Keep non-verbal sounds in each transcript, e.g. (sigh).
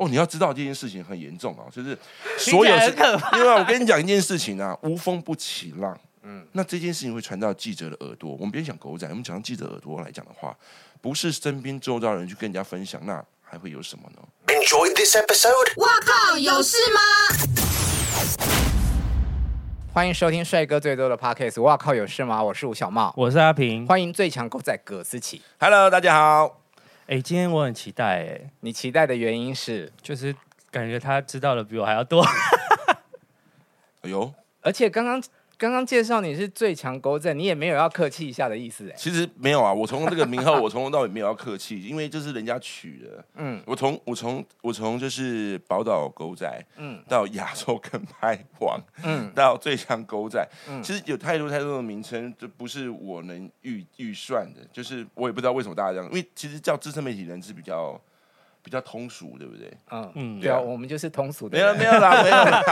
哦，你要知道這件事情很嚴重啊，哦，就是所有是，另外我跟你講一件事情啊， (laughs) 無風不起浪。嗯，那這件事情會傳到記者的耳朵，我們別講狗仔，我們講到記者耳朵來講的話，不是身邊周遭人去跟人家分享，那還會有什麼呢？Enjoyed this episode？哇靠，有事嗎？歡迎收聽帥哥最多的 podcast。哇靠，有事嗎？我是吳小帽，我是阿平，歡迎最強狗仔葛斯齊。Hello，大家好。哎，今天我很期待哎，你期待的原因是？就是感覺他知道的比我還要多。 (laughs) 哎呦，而且剛剛。剛剛介紹你是最強狗仔，你也沒有要客氣一下的意思哎、欸。其實沒有啊，我從這個名號， (laughs) 我從頭到尾沒有要客氣，因為就是人家取的。嗯我，我從我從我從就是寶島狗仔，嗯，到亞洲跟拍王，嗯，到最強狗仔，嗯、其實有太多太多的名稱，這不是我能預預算的，就是我也不知道為什麼大家這樣，因為其實叫資深媒體人是比較。比較通俗，對不對？嗯嗯，對啊，對啊，我們就是通俗的。沒有沒有啦，沒有啦。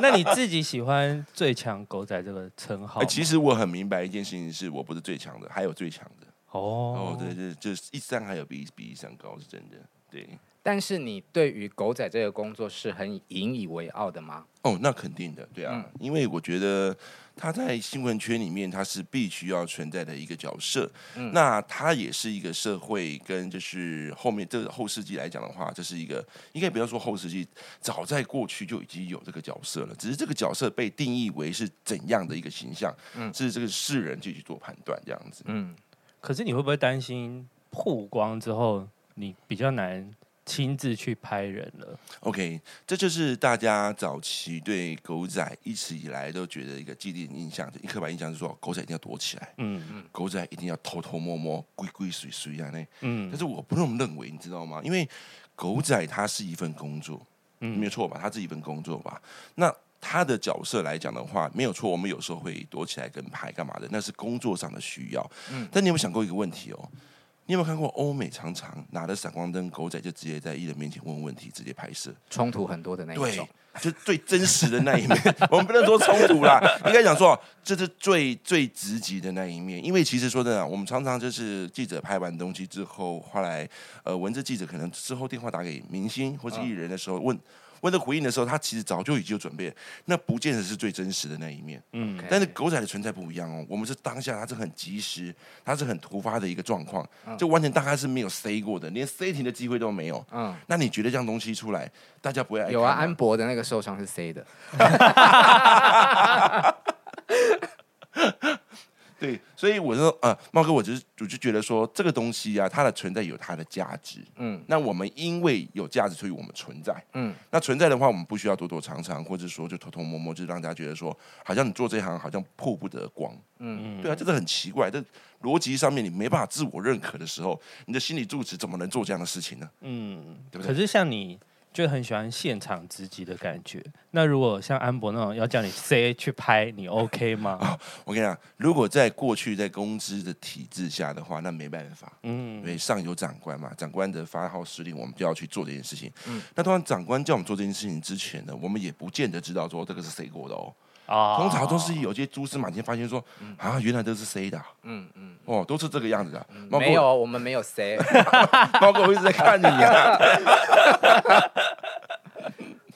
(laughs) (laughs) 那你自己喜歡“最強狗仔”這個稱號、欸？其實我很明白一件事情，是我不是最強的，還有最強的。哦、oh, 對對，就是一山還有比一，比一山高，是真的。對。但是你對於狗仔這個工作是很引以為傲的嗎？哦，那肯定的，對啊，嗯、因為我覺得他在新聞圈裡面他是必須要存在的一個角色。嗯，那他也是一個社會跟就是後面這個、後世紀來講的話，這、就是一個應該不要說後世紀，早在過去就已經有這個角色了。只是這個角色被定義為是怎樣的一個形象，嗯，是這個世人就去做判斷這樣子。嗯，可是你會不會擔心曝光之後，你比較難？親自去拍人了。OK，這就是大家早期對狗仔一直以來都覺得一個既定印象，的一刻板印象就是說，狗仔一定要躲起來，嗯嗯，嗯狗仔一定要偷偷摸摸、鬼鬼祟祟啊那，嗯，但是我不那麼認為，你知道嗎？因為狗仔他是一份工作，嗯，沒有錯吧？他是一份工作吧？嗯，那他的角色來講的話，沒有錯，我們有時候會躲起來跟拍幹嘛的，那是工作上的需要。嗯，但你有沒有想過一個問題哦？你有沒有看過歐美常常拿着閃光燈，狗仔就直接在藝人面前問問題，直接拍攝，衝突很多的那一種。對，就最真實的那一面。 (laughs) 我們不能說衝突啦， (laughs) 應該講說這是最最直擊的那一面。因為其實說真的、啊，我們常常就是記者拍完東西之後，後來呃，文字記者可能之後電話打給明星或是藝人的時候問。嗯為了回應的時候，他其實早就已經有準備了，那不見得是最真實的那一面。嗯，Okay. 但是狗仔的存在不一樣哦，我們是當下，他是很及時，他是很突發的一個狀況，嗯，就完全大概是沒有塞過的，連塞停的機會都沒有。嗯，那你覺得這樣東西出來，大家不會愛？有啊，安博的那個受傷是塞的。 (laughs) (laughs) 對，所以我說啊，呃，帽哥，我就是我就覺得說，這個東西啊，它的存在有它的價值。嗯，那我們因為有價值，所以我們存在。嗯，那存在的話，我們不需要躲躲藏藏，或者說就偷偷摸摸，就讓大家覺得說，好像你做這一行好像破不得光。嗯，嗯，對啊，這個很奇怪。這邏輯上面你沒辦法自我認可的時候，你的心理住址怎麼能做這樣的事情呢？嗯，對不對？可是像你。就很喜歡現場直擊的感覺。那如果像安博那種要叫你 C 去拍，你 OK 嗎？Oh, 我跟你講，如果在過去在公司的體制下的話，那沒辦法，嗯，因為上有長官嘛，長官的發號施令，我們就要去做這件事情。嗯、那通常，長官叫我們做這件事情之前呢，我們也不見得知道說這個是 C 過的哦。啊，通常都是有些蛛絲馬跡發現說，啊，原來都是 C 的，嗯嗯，哦，都是這個樣子的。沒有，我們沒有 C，包括我一直在看你啊。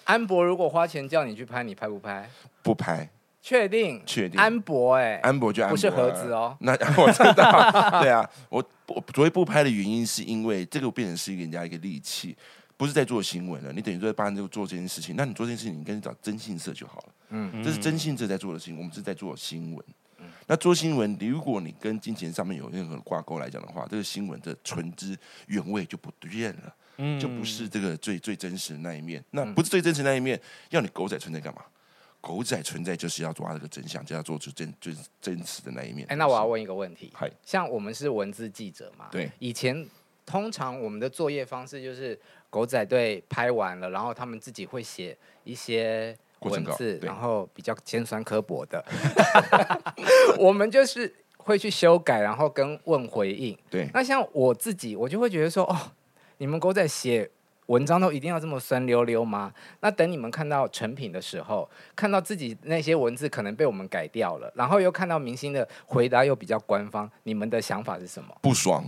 安博，如果花錢叫你去拍，你拍不拍？不拍。確定？確定？安博，哎，安博就安博，不是盒子哦。那安我知道，對啊，我我唯一不拍的原因是因為這個變成是人家一個利器。不是在做新聞了，你等於在幫人做做這件事情。那你做這件事情，你跟找徵信社就好了。嗯，嗯，這是徵信社在做的事情，我們是在做新聞。嗯、那做新聞，如果你跟金錢上面有任何掛鈎來講的話，這個新聞的純真原味就不對了，嗯、就不是這個最最真實的那一面。那不是最真實的那一面，嗯、要你狗仔存在幹嘛？狗仔存在就是要抓這個真相，就要做出真最、就是、真實的那一面。哎、欸，那我要問一個問題，是像我們是文字記者嘛？對，以前通常我們的作業方式就是。狗仔隊拍完了，然後他們自己會寫一些文字，然後比較尖酸刻薄的。 (laughs) 我們就是會去修改，然後跟問回應。對，那像我自己，我就會覺得說，哦，你們狗仔寫。文章都一定要這麼酸溜溜嗎？那等你們看到成品的時候，看到自己那些文字可能被我們改掉了，然後又看到明星的回答又比較官方，你們的想法是什麼？不爽，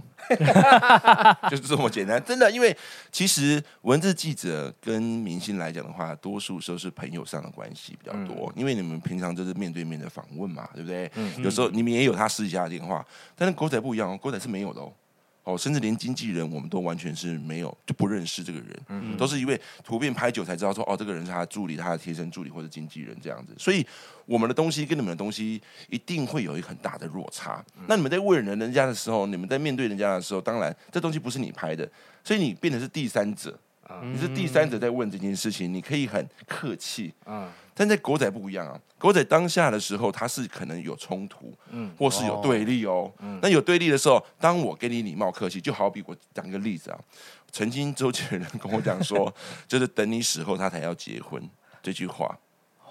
就是這麼簡單，真的。因為其實文字記者跟明星來講的話，多數都是朋友上的關係比較多，嗯、因為你們平常就是面對面的訪問嘛，對不對？嗯、哼有時候你們也有他私底下的電話，但是狗仔不一樣哦，狗仔是沒有的哦。哦，甚至連經紀人我們都完全是沒有就不認識這個人，嗯嗯，都是因為圖片拍久才知道說，哦，這個人是他的助理、他的貼身助理或者經紀人這樣子，所以我們的東西跟你們的東西一定會有一很大的落差。嗯、那你們在問人人家的時候，你們在面對人家的時候，當然這東西不是你拍的，所以你變成是第三者，啊、你是第三者在問這件事情，你可以很客氣。啊但在狗仔不一樣啊，狗仔當下的時候，他是可能有衝突，嗯，或是有對立哦。那、哦、有對立的時候，當我跟你禮貌客氣，就好比我講個例子啊，曾經周杰倫跟我講說， (laughs) 就是等你死後他才要結婚這句話。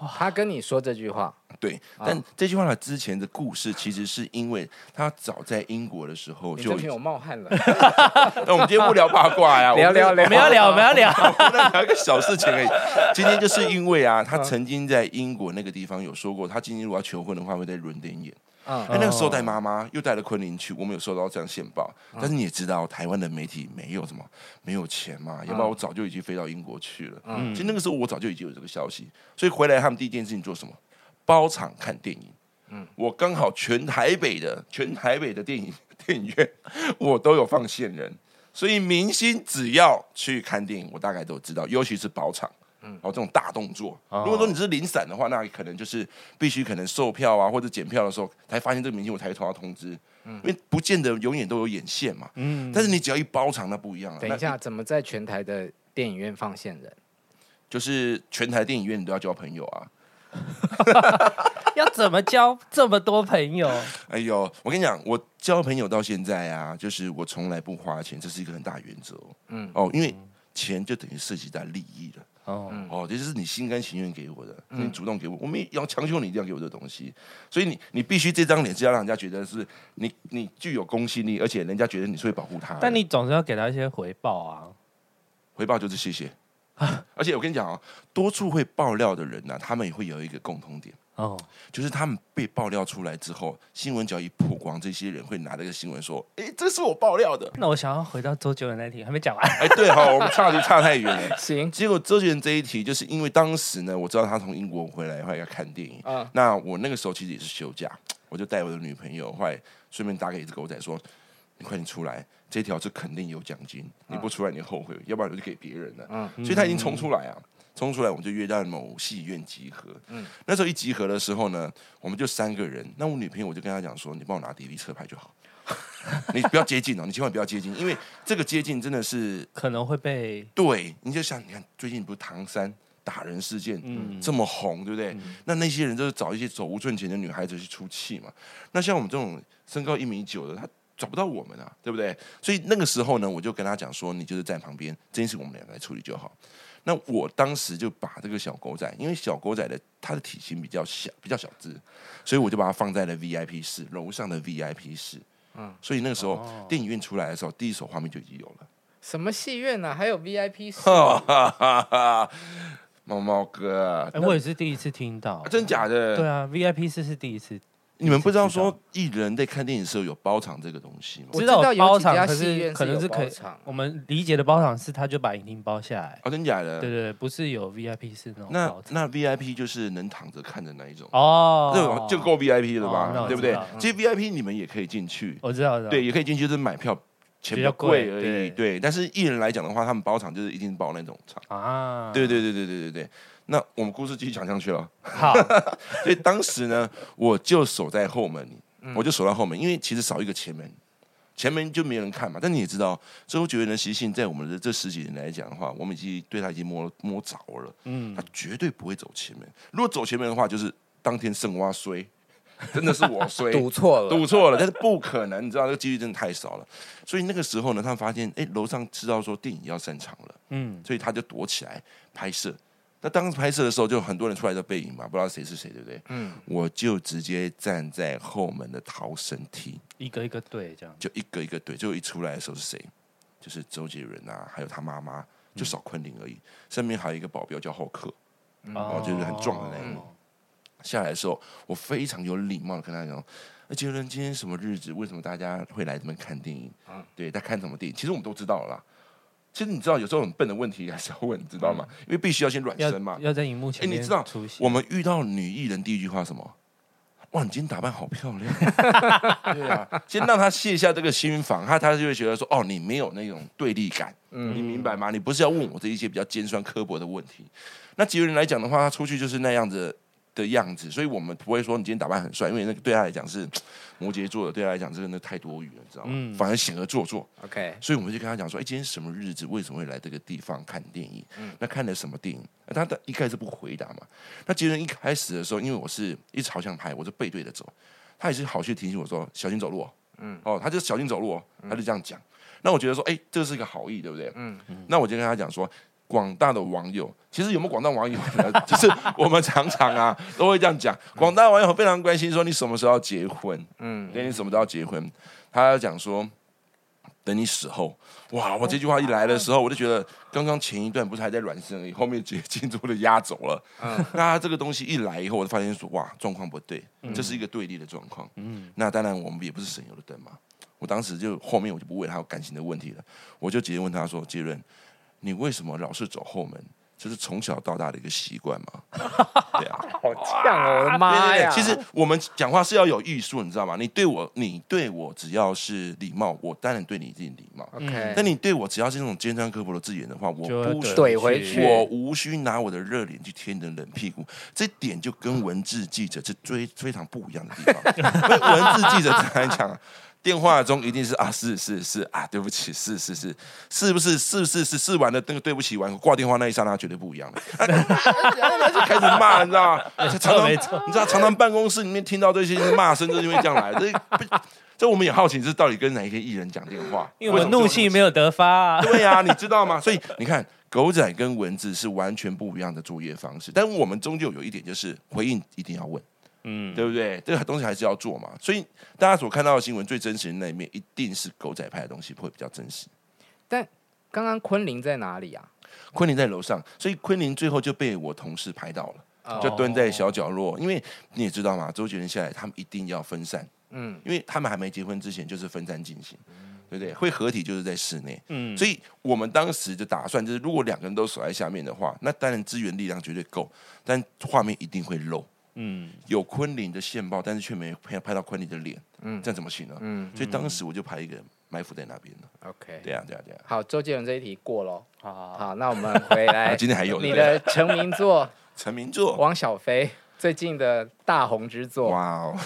他跟你說這句話，對，但這句話的之前的故事，其實是因為他早在英國的時候就，有冒汗了。那 (laughs) (laughs) 我們今天不聊八卦呀，聊聊聊，我們，我們要聊，我們要聊，聊一個小事情。而已。今天就是因為啊，他曾經在英國那個地方有說過，他今天如果要求婚的話，會在倫敦眼。哎、嗯，欸，那個時候帶媽媽又帶了昆凌去，我們有收到這樣線報。但是你也知道，台灣的媒體沒有什麼沒有錢嘛，要不然我早就已經飛到英國去了。嗯，其實那個時候我早就已經有這個消息，所以回來他們第一件事情做什麼？包場看電影。嗯，我剛好全台北的全台北的電影電影院我都有放線人，所以明星只要去看電影，我大概都知道，尤其是包場。嗯，然後、哦、這種大動作，哦、如果說你是零散的話，那可能就是必須可能售票啊，或者檢票的時候才發現這個明星，我才投他通知。嗯，因為不見得永遠都有眼線嘛。嗯，但是你只要一包場，那不一樣了、啊。等一下，你怎麼在全台的電影院放線人？就是全台電影院你都要交朋友啊。 (laughs) (laughs) 要怎麼交這麼多朋友？哎呦，我跟你講，我交朋友到現在啊，就是我從來不花錢，這是一個很大原則。嗯，哦，因為錢就等於涉及到利益了。哦哦，這、嗯哦、就是你心甘情願給我的，嗯、你主動給我，我沒要強求你一定要給我的東西，所以你你必須這張臉是要讓人家覺得是你你具有公信力，而且人家覺得你是會保護他。但你總是要給他一些回報啊，回報就是謝謝、嗯、而且我跟你講啊、哦，多處會爆料的人呢、啊，他們也會有一個共同點。哦，oh. 就是他們被爆料出來之後，新聞只要一曝光，這些人會拿這個新聞說：“哎，這是我爆料的。”那我想要回到周杰倫那題還沒講完。哎， (laughs) 對哦，我們差就差太遠了。 (laughs) 行，結果周杰倫這一題，就是因為當時呢，我知道他從英國回來後來要看電影，uh. 那我那個時候其實也是休假，我就帶我的女朋友，後來順便打給一隻狗仔說：“你快點出來，這條是肯定有獎金，uh. 你不出來你後悔，要不然我就給別人了。”嗯，所以他已經衝出來啊。Uh. 嗯衝出來，我們就約在某戲院集合。嗯，那時候一集合的時候呢，我們就三個人。那我女朋友我就跟她講說：“你幫我拿滴滴車牌就好， (laughs) 你不要接近哦，你千萬不要接近，因為這個接近真的是可能會被。”對，你就像你看，最近不是唐山打人事件，嗯，這麼紅，嗯、對不對？嗯、那那些人就是找一些手無寸鐵的女孩子去出氣嘛。那像我們這種身高一米九的，她。找不到我們啊，對不對？所以那個時候呢，我就跟他講說，你就是在旁邊，這件事我們兩個來處理就好。那我當時就把這個小狗仔，因為小狗仔的它的體型比較小，比較小隻，所以我就把它放在了 VIP 室樓上的 VIP 室。嗯，所以那個時候、哦、電影院出來的時候，第一手畫面就已經有了。什麼戲院啊？還有 VIP 室？ (laughs) 貓貓哥，哎、欸，我也是第一次聽到，啊、真假的？對啊，VIP 室是第一次。你們不知道說藝人在看電影的時候有包場這個東西嗎？我知道包場，可是可能是可以我們理解的包場是他就把影廳包下來。哦，真假的？對對，對，不是有 VIP 是那種那。那那 VIP 就是能躺着看的那一種哦，哦，那種就夠 VIP 了吧？對不對？嗯，其實 VIP 你們也可以進去我，我知道。對，也可以進去，就是買票，錢比較貴而已。對，對，但是藝人來講的話，他們包場就是一定包那種場啊。對對對對對對對。那我們故事繼續講下去了。好， (laughs) 所以當時呢，我就守在後門，嗯、我就守在後門，因為其實少一個前門，前門就沒人看嘛。但你也知道，周杰倫的習性，在我們的這十幾年來講的話，我們已經對他已經摸摸着了。嗯，他絕對不會走前門。如果走前門的話，就是當天剩挖衰，真的是我衰賭錯 (laughs) 了，賭錯了，但是不可能，你知道這個幾率真的太少了。所以那個時候呢，他發現，哎、欸，樓上知道說電影要散場了，嗯，所以他就躲起來拍攝。那當時拍攝的時候，就很多人出來的背影嘛，不知道誰是誰，對不對？嗯。我就直接站在後門的逃生梯，一個一個對這樣。就一個一個對，最後一出來的時候是誰？就是周杰倫啊，還有他媽媽，就少昆凌而已。嗯、身邊還有一個保鏢叫浩克，哦、嗯，然後就是很壯的那種。哦、下來的時候，我非常有禮貌的跟他講：“那杰倫今天什麼日子？為什麼大家會來這邊看電影？啊、對，在看什麼電影？其實我們都知道了啦。”其實你知道，有時候很笨的問題還是要問，你知道嗎？嗯、因為必須要先軟身嘛，要，要在熒幕前面。你知道，現我們遇到女藝人第一句話什麼？哇，你今天打扮好漂亮。 (laughs) (laughs) 對啊，先讓她卸下這個心防，她她就會覺得說，哦，你沒有那種對立感，嗯、你明白嗎？你不是要問我這一些比較尖酸刻薄的問題。那傑倫來講的話，他出去就是那樣子。的樣子，所以我們不會說你今天打扮很帥，因為那個對他來講是摩羯座的，對他來講真的太多餘了，你知道嗎？嗯、反而顯得做作。OK，所以我們就跟他講說：“哎、欸，今天什麼日子？為什麼會來這個地方看電影？嗯、那看的什麼電影？”啊、他的一開始不回答嘛。那杰倫一開始的時候，因為我是一朝向拍，我就背對着走，他也是好心提醒我說：“小心走路。”嗯、哦，他就小心走路，他就這樣講。嗯嗯、那我覺得說：“哎、欸，這是一個好意，對不對？”嗯嗯。嗯那我就跟他講說。廣大的網友，其實有沒有廣大網友呢？就是我們常常啊，都會這樣講。廣大網友非常關心，說你什麼時候要結婚？嗯，問你什麼時候要結婚？他要講說，等你死後。哇！我這句話一來的時候，哦啊、我就覺得剛剛前一段不是還在軟身，後面直接進屋的壓走了。那、嗯、那這個東西一來以後，我就發現說，嗯、哇，狀況不對，這是一個對立的狀況。嗯。那當然，我們也不是省油的燈嘛。我當時就後面我就不問他有感情的問題了，我就直接問他說：“杰倫。”你為什麼老是走後門？就是從小到大的一個習慣嘛。 (laughs) 對啊，好嗆哦！媽呀！哇其實我們講話是要有藝術， (laughs) 你知道嗎？你對我，你對我，只要是禮貌，我當然對你一定禮貌。Okay. 但你對我只要是那種尖酸刻薄的字眼的話，我不懟回去，我無需拿我的熱臉去貼你的冷屁股。這點就跟文字記者是最非常不一樣的地方。 (laughs) 文字記者怎麼講？ (laughs) 電話中一定是啊，是是是啊，對不起，是是是，是不是是不是是，是完了，那個對不起完掛電話那一剎那絕對不一樣了，哎、 (laughs) 他就開始罵，你知道嗎？常常，你知道常常辦公室裡面聽到這些罵聲，就是，因為這樣來的。這，這我們也好奇，這是到底跟哪一些藝人講電話？因為我怒氣沒有得發啊。對啊，你知道嗎？所以你看，狗仔跟文字是完全不一樣的作業方式，但我們終究有一點就是回應一定要問。嗯，對不對？這個東西還是要做嘛，所以大家所看到的新聞最真實的那一面，一定是狗仔拍的東西會比較真實。但剛剛昆凌在哪裡啊？昆凌在樓上，所以昆凌最後就被我同事拍到了，就蹲在小角落。哦、因為你也知道嘛，周杰倫下來他們一定要分散，嗯，因為他們還沒結婚之前就是分散進行，嗯、對不對？會合體就是在室內，嗯。所以我們當時就打算，就是如果兩個人都守在下面的話，那當然資源力量絕對夠，但畫面一定會漏。嗯，有昆凌的線報，但是卻沒拍拍到昆凌的臉，嗯，這樣怎麼行呢？嗯，所以當時我就拍一個埋伏在那邊 OK，對啊對啊對呀、啊。對啊、好，周杰倫這一題過嘍。好，oh. 好，那我們回來。今天還有你的成名作， (laughs) 成名作，汪小菲最近的大紅之作。哇哦，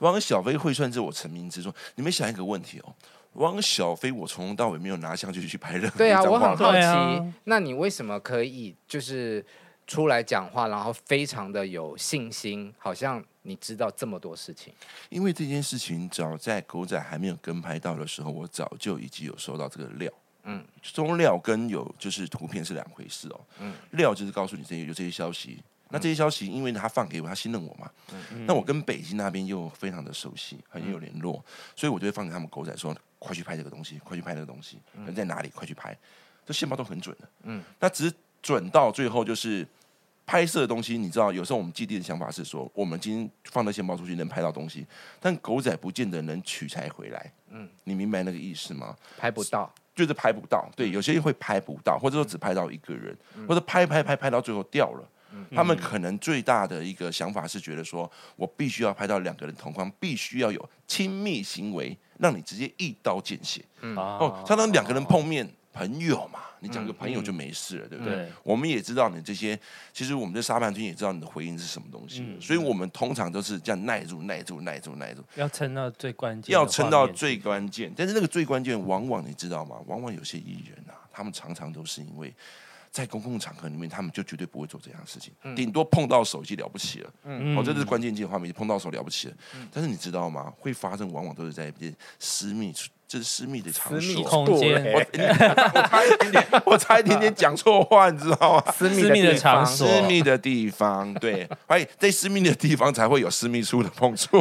汪小菲會算是我成名之作？ (laughs) 你們想一個問題哦，汪小菲我從頭到尾沒有拿相機去，去拍任何。對啊，我很好奇，啊、那你為什麼可以就是？出來講話，然後非常的有信心，好像你知道這麼多事情。因為這件事情，早在狗仔還沒有跟拍到的時候，我早就已經有收到這個料。嗯，中料跟有就是圖片是兩回事哦。嗯，料就是告訴你這些有這些消息。那這些消息，因為他放給我，他信任我嘛。嗯嗯。嗯，那我跟北京那邊又非常的熟悉，很有聯絡，嗯、所以我就會放給他們狗仔說：嗯、快去拍這個東西，快去拍這個東西。嗯，在哪裡？快去拍。這線報都很準的。嗯，那只是。轉到最後就是拍攝的東西，你知道，有時候我們基地的想法是說，我們今天放那線包出去能拍到東西，但狗仔不見得能取材回來。嗯，你明白那個意思嗎？拍不到，就是拍不到。對，嗯、有些人會拍不到，或者說只拍到一個人，嗯、或者拍拍拍拍到最後掉了。嗯、他們可能最大的一個想法是覺得說，我必須要拍到兩個人同框，必須要有親密行為，讓你直接一刀見血。嗯，哦，相當於兩個人碰面。哦哦哦朋友嘛，你講個朋友就沒事了，嗯、對不對？對、我們也知道你這些，其實我們的沙盤軍也知道你的回應是什麼東西，嗯、所以我們通常都是這樣耐住、耐住、耐住、耐住，要撐到最關鍵，要撐到最關鍵。對但是那個最關鍵，往往你知道嗎？往往有些藝人啊，他們常常都是因為在公共場合裡面，他們就絕對不會做這樣的事情，頂、嗯、多碰到手就了不起了。嗯、哦，這是關鍵性畫面，碰到手了不起了。嗯、但是你知道嗎？會發生，往往都是在一些私密處。是私密的場所，空間，我差一點點，我差一點點講錯話，你知道嗎？私密的地方，私密的地方，對，所以在私密的地方才會有私密處的碰觸。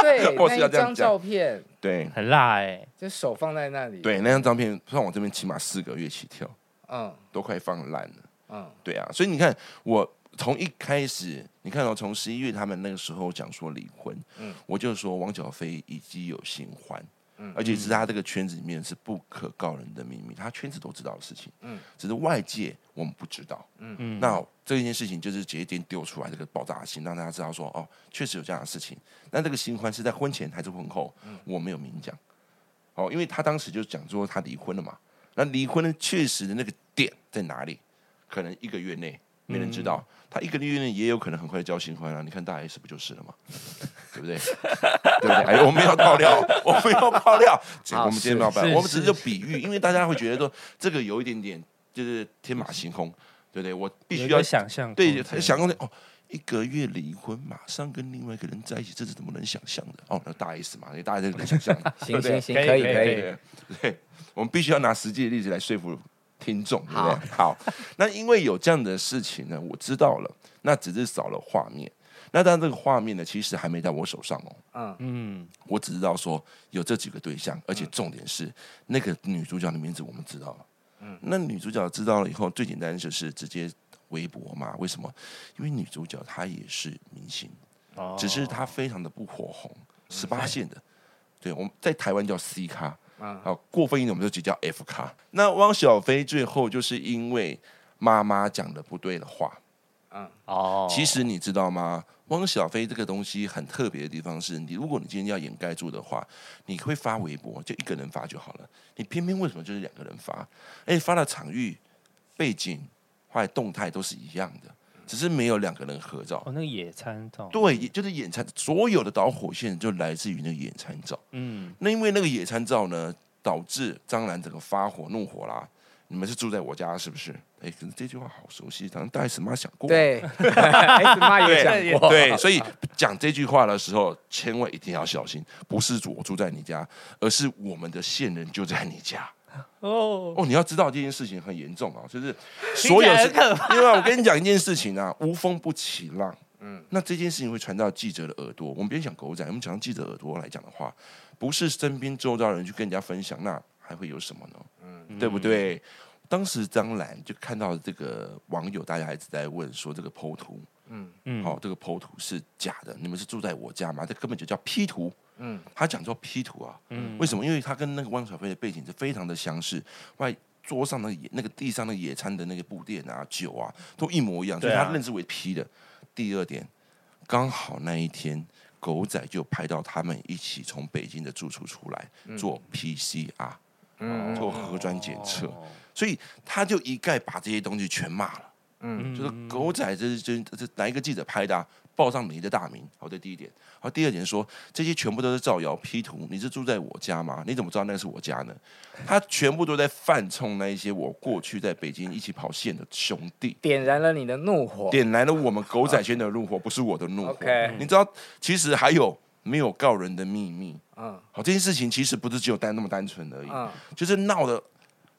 對，那張照片，對，很辣哎，就手放在那裡。對，那張照片放我這邊，起碼四個月起跳，嗯，都快放爛了，嗯，對啊，所以你看，我從一開始，你看到從十一月他們那個時候講說離婚，嗯，我就說汪小菲已經有新歡。而且是他這個圈子裡面是不可告人的秘密，他圈子都知道的事情。嗯，只是外界我們不知道。嗯嗯，那這一件事情就是決定丟出來這個爆炸性，讓大家知道說哦，確實有這樣的事情。但這個新歡是在婚前還是婚後？我沒有明講。哦，因為他當時就講說他離婚了嘛。那離婚的確實的那個點在哪裡？可能一個月內。沒人知道，他一個月內也有可能很快交新歡了，你看大 S 不就是了嗎？對不對？對不對？哎，我們要爆料，我們要爆料，我們今天沒有辦法，我們只是比喻，因為大家會覺得說這個有一點點就是天馬行空，對不對？我必須要想象，對，想象哦，一個月離婚，馬上跟另外一個人在一起，這是怎麼能想象的？哦，大 S 嘛，那大 S 能想象？行行行，可以可以，對，我們必須要拿實際的例子來說服。聽眾好，好，那因為有這樣的事情呢，我知道了。那只是少了畫面。那但這個畫面呢，其實還沒在我手上哦。嗯，我只知道說有這幾個對象，而且重點是、嗯、那個女主角的名字我們知道了。嗯、那女主角知道了以後，最簡單就是直接微博嘛。為什麼？因為女主角她也是明星，哦、只是她非常的不火紅，十八線的。嗯、對，我們在台灣叫 C 咖。嗯，好，過分一點我們就直接叫 F 咖。那汪小菲最後就是因為媽媽講的不對的話，嗯，哦，其實你知道嗎？汪小菲這個東西很特別的地方是你，如果你今天要掩蓋住的話，你會發微博，就一個人發就好了。你偏偏為什麼就是兩個人發？而且發的場域、背景、還有動態都是一樣的。只是沒有兩個人合照，哦，那個野餐照，對，就是野餐，所有的導火線就來自於那個野餐照。嗯，那因為那個野餐照呢，導致張蘭整個發火怒火啦。你們是住在我家是不是？哎、欸，可能這句話好熟悉，好像大 S 媽想過？對，S 媽也想過。對，所以講這句話的時候，千萬一定要小心，不是我住在你家，而是我們的線人就在你家。哦、oh. oh, 你要知道這件事情很嚴重啊、哦，就是所有是，另外我跟你講一件事情啊，無風不起浪。嗯，那這件事情會傳到記者的耳朵，我們別講狗仔，我們講記者耳朵來講的話，不是身邊周遭人去跟人家分享，那還會有什麼呢？嗯，對不對？嗯，當時張蘭就看到這個網友，大家還一直在問說，這個 PO 圖，嗯，好、嗯，哦，這個 PO 圖是假的，你們是住在我家嗎？這根本就叫 P 圖。嗯，他講說 P 圖啊，嗯、為什麼？因為他跟那個汪小菲的背景是非常的相似，外桌上的野那個地上的野餐的那個布墊啊、酒啊，都一模一樣，所以、嗯、他認知為 P 的。啊、第二點，剛好那一天狗仔就拍到他們一起從北京的住處出來、嗯、做 PCR，、啊、嗯、啊，做核酸檢測，哦、所以他就一概把這些東西全罵了。嗯，就是狗仔這、就是這這、就是、哪一個記者拍的、啊？報上你的大名，好，這第一點。好，第二點說，這些全部都是造謠、P 圖。你是住在我家嗎？你怎麼知道那個是我家呢？他全部都在犯衝那一些我過去在北京一起跑線的兄弟，點燃了你的怒火，點燃了我們狗仔圈的怒火， (laughs) 不是我的怒火。Okay. 你知道，其實還有沒有告人的秘密？嗯，好，這件事情其實不是只有單那麼單純而已， (laughs) 就是鬧的。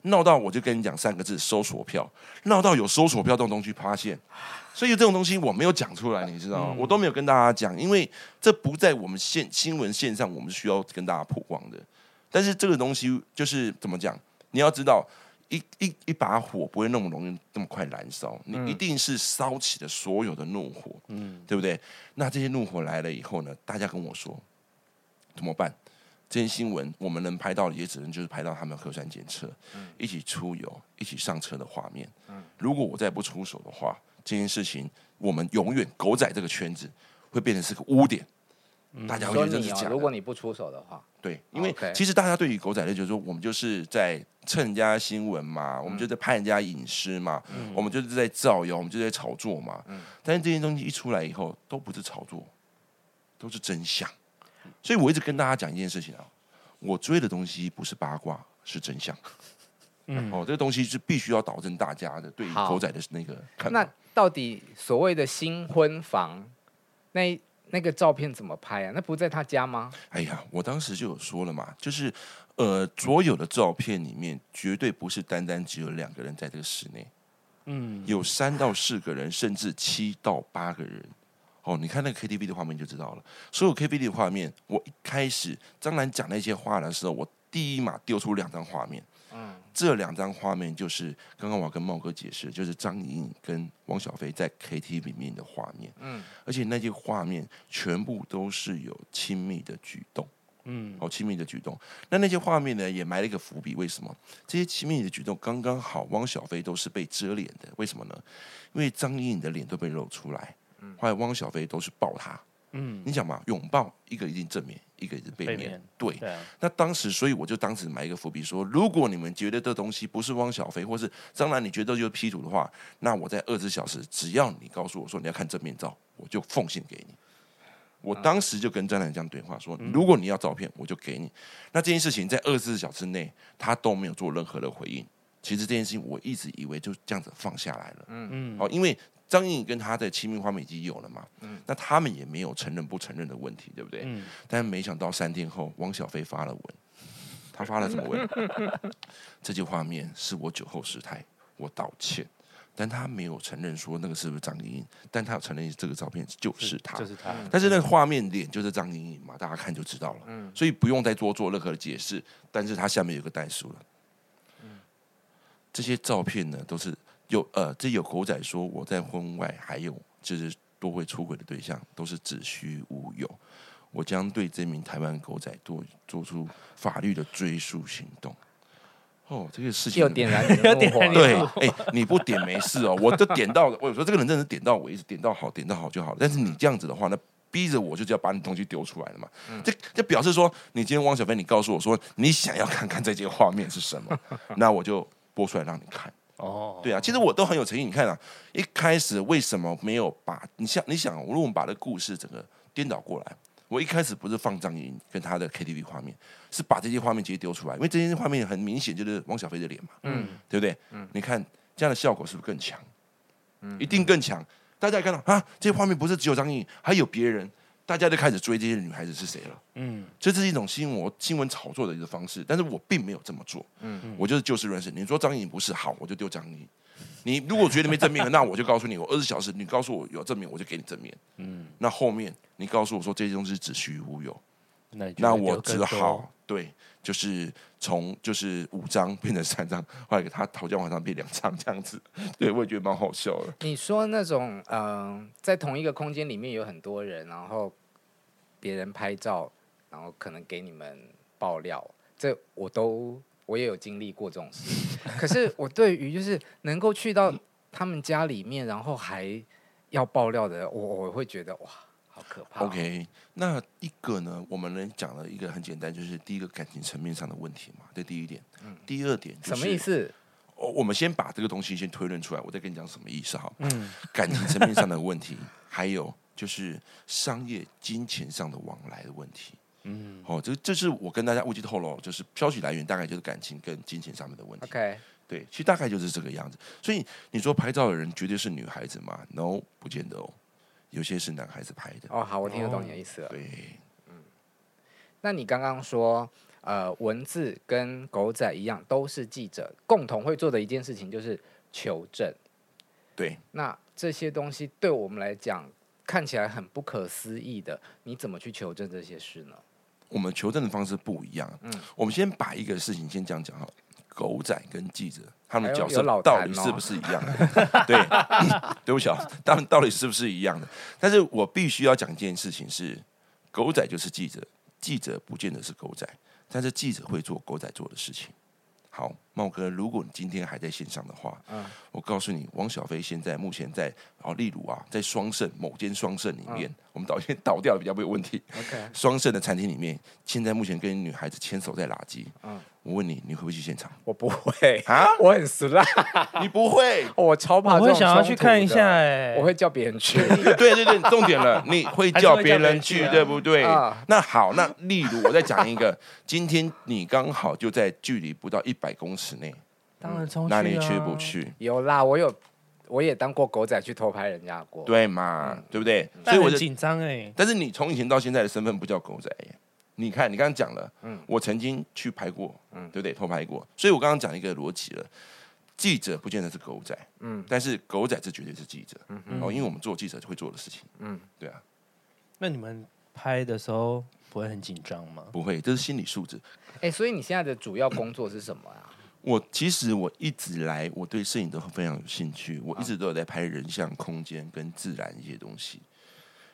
鬧到我就跟你講三個字：搜索票。鬧到有搜索票這種東西趴現，所以這種東西我沒有講出來，你知道嗎？嗯、我都沒有跟大家講，因為這不在我們線新聞線上，我們需要跟大家曝光的。但是這個東西就是怎麼講？你要知道，一一一把火不會那麼容易那麼快燃燒，你一定是燒起了所有的怒火，嗯，對不對？那這些怒火來了以後呢？大家跟我說怎麼辦？這些新聞我們能拍到的也只能就是拍到他們核酸檢測、嗯、一起出遊、一起上車的畫面。嗯、如果我再不出手的話，這件事情我們永遠狗仔這個圈子會變成是個污點，嗯、大家會覺得這是假、嗯你啊。如果你不出手的話，對，因為其實大家對於狗仔的，就覺得說我們就是在蹭人家新聞嘛，嗯、我們就在拍人家隱私嘛，嗯、我們就是在造謠，我們就在炒作嘛。嗯、但是這些東西一出來以後，都不是炒作，都是真相。所以我一直跟大家講一件事情啊，我追的東西不是八卦，是真相。哦、嗯，這個東西是必須要導正大家的對於狗仔的那個看法。那到底所謂的新婚房，那那個照片怎麼拍啊？那不在他家嗎？哎呀，我當時就有說了嘛，就是呃，所有的照片裡面絕對不是單單只有兩個人在這個室內，嗯，有三到四個人，甚至七到八個人。哦，你看那個 K T V 的畫面就知道了。所有 K T V 的畫面，我一開始張蘭講那些話的時候，我第一馬丟出兩張畫面。嗯，這兩張畫面就是剛剛我跟帽哥解釋，就是張穎穎跟汪小菲在 K T V 裡面的畫面。嗯，而且那些畫面全部都是有親密的舉動。嗯，好、哦，親密的舉動。那那些畫面呢，也埋了一個伏筆。為什麼？這些親密的舉動剛剛好，汪小菲都是被遮臉的。為什麼呢？因為張穎穎的臉都被露出來。後來汪小菲都是抱他，嗯、你想嘛，擁抱一個一定正面，一個是背面，背面對，對啊、那當時所以我就當時埋一個伏筆，說如果你們覺得這東西不是汪小菲，或是張蘭，你覺得就是 P 圖的話，那我在二十四小時，只要你告訴我說你要看正面照，我就奉獻給你。我當時就跟張蘭這樣對話說，嗯、如果你要照片，我就給你。那這件事情在二十四小時內，他都沒有做任何的回應。其實這件事情我一直以為就這樣子放下來了，嗯嗯，哦，因為。張瑩穎跟他的親密畫面已經有了嘛？嗯，那他們也沒有承認不承認的問題，對不對？但、嗯、但沒想到三天後，汪小菲發了文，他發了什麼文？ (laughs) 這些畫面是我酒後失態，我道歉。但他沒有承認說那個是不是張瑩穎，但他有承認這個照片就是他，是就是他，但是那個畫面臉就是張瑩穎嘛，大家看就知道了。嗯、所以不用再多做任何的解釋。但是他下面有個代數了，這些照片呢都是，有呃，這有狗仔說我在婚外還有就是多位出軌的對象，都是子虛烏有。我將對這名台灣狗仔做做出法律的追訴行動。哦，這個事情有點燃，有點燃， (laughs) 有點燃對，哎、 (laughs) 欸，你不點沒事哦， (laughs) 我都點到，我有時候這個人真的點到我一直點到好，點到好就好了。但是你這樣子的話，那逼着我就只要把你東西丟出來了嘛。這這、嗯、表示說，你今天汪小菲，你告訴我說你想要看看這些畫面是什麼，那我就播出來讓你看。哦，oh, oh, oh, 對啊，其實我都很有誠意。你看啊，一開始為什麼沒有把你想？你想、啊，如果我們把這故事整個顛倒過來，我一開始不是放張穎跟他的 KTV 畫面，是把這些畫面直接丟出來，因為這些畫面很明顯就是汪小菲的臉嘛，嗯，對不對？嗯，你看這樣的效果是不是更強？嗯，一定更強。大家看到啊，這些畫面不是只有張穎，還有別人。大家就開始追這些女孩子是誰了，嗯，這是一種新聞新聞炒作的一個方式，但是我並沒有這麼做，嗯，嗯，我就是就事論事。你說張穎不是好，我就丟張穎。嗯，你如果覺得沒正面的， (laughs) 那我就告訴你，我二十小時，你告訴我有正面，我就給你正面。嗯，那後面你告訴我說這些東西子虛烏有，那，那我只好對。對就是從就是五張變成三張，後來給他討價往上變兩張這樣子，對我也覺得蠻好笑的。你說那種嗯、呃，在同一個空間裡面有很多人，然後別人拍照，然後可能給你們爆料，這我都我也有經歷過這種事。 (laughs) 可是我對於就是能夠去到他們家裡面，然後還要爆料的人，我我會覺得哇。O.K. 那一個呢？我們能講的一個很簡單，就是第一個感情層面上的問題嘛，這第一點。嗯。第二點、就是嗯、什麼意思？哦，我們先把這個東西先推論出來，我再跟你講什麼意思。哈，嗯。感情層面上的問題， (laughs) 還有就是商業金錢上的往來的問題。嗯。哦，這這是我跟大家誤記透露，就是消息來源大概就是感情跟金錢上面的問題。O.K. 對，其實大概就是這個樣子。所以你說拍照的人絕對是女孩子嘛？No，不見得哦。有些是男孩子拍的哦，好，我聽得懂你的意思了。哦，對，嗯，那你剛剛說，呃，文字跟狗仔一樣，都是記者共同會做的一件事情，就是求證。對，那這些東西對我們來講看起來很不可思議的，你怎麼去求證這些事呢？我們求證的方式不一樣。嗯，我們先把一個事情先講講好。狗仔跟記者，他們的角色到底是不是一樣的？哦、對， (laughs) 對不起，他們到底是不是一樣的？但是我必須要講一件事情是：是狗仔就是記者，記者不見得是狗仔，但是記者會做狗仔做的事情。好。茂哥，如果你今天還在線上的話，嗯，我告訴你，汪小菲現在目前在，然後例如啊，在雙聖某間雙聖裡面，我們導線倒掉的比較沒有問題。OK，雙聖的餐廳裡面，現在目前跟女孩子牽手在垃圾。嗯，我問你，你會不會去現場？我不會啊，我很死拉。你不會，我超怕。我會想要去看一下哎，我會叫別人去。對對對，重點了，你會叫別人去，對不對？那好，那例如我再講一個，今天你剛好就在距離不到一百公尺。室內當然，從那你去不去？有啦，我有，我也當過狗仔去偷拍人家過，對嘛？對不對？所以我很緊張哎。但是你從以前到現在的身份不叫狗仔，你看你剛剛講了，嗯，我曾經去拍過，嗯，對不對？偷拍過，所以我剛剛講一個邏輯了，記者不見得是狗仔，嗯，但是狗仔是絕對是記者，嗯嗯，哦，因為我們做記者就會做的事情，嗯，對啊。那你們拍的時候不會很緊張嗎？不會，這是心理素質。哎，所以你現在的主要工作是什麼啊？我其實我一直來，我對攝影都非常有興趣，我一直都有在拍人像、空間跟自然一些東西，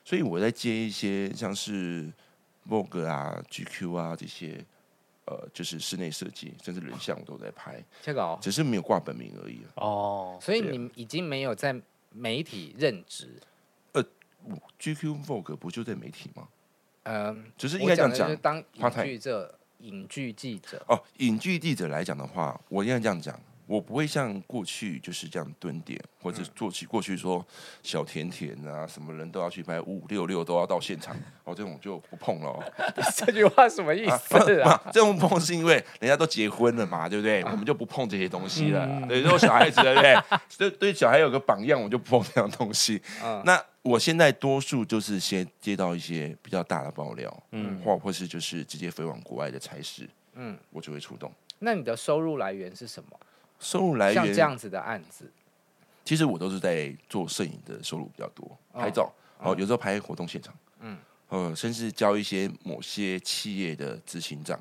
所以我在接一些像是 Vogue 啊、GQ 啊這些，呃，就是室內設計甚至人像我都在拍，只是沒有掛本名而已。啊。哦、啊，所以你已經沒有在媒體任職？呃，GQ、Vogue 不就在媒體嗎？嗯、呃，只是應該這樣講，當影劇這。影劇記者哦，影劇記者來講的話，我應該這樣講。我不會像過去就是這樣蹲點，或者做起，過去說小甜甜啊，什麼人都要去拍五五六六都要到現場，哦，這種就不碰了。 (laughs) 這句話什麼意思啊？啊這種不碰是因為人家都結婚了嘛，對不對？啊、我們就不碰這些東西了。對、嗯，做小孩子對不對？ (laughs) 對，對，小孩有個榜樣，我就不碰這樣東西。嗯、那我現在多數就是先接到一些比較大的爆料，嗯，或或是就是直接飛往國外的差事，嗯，我就會出動。那你的收入來源是什麼？收入來源，像這樣子的案子，其實我都是在做攝影的收入比較多，哦、拍照哦，有時候拍活動現場，嗯、呃、甚至教一些某些企業的執行長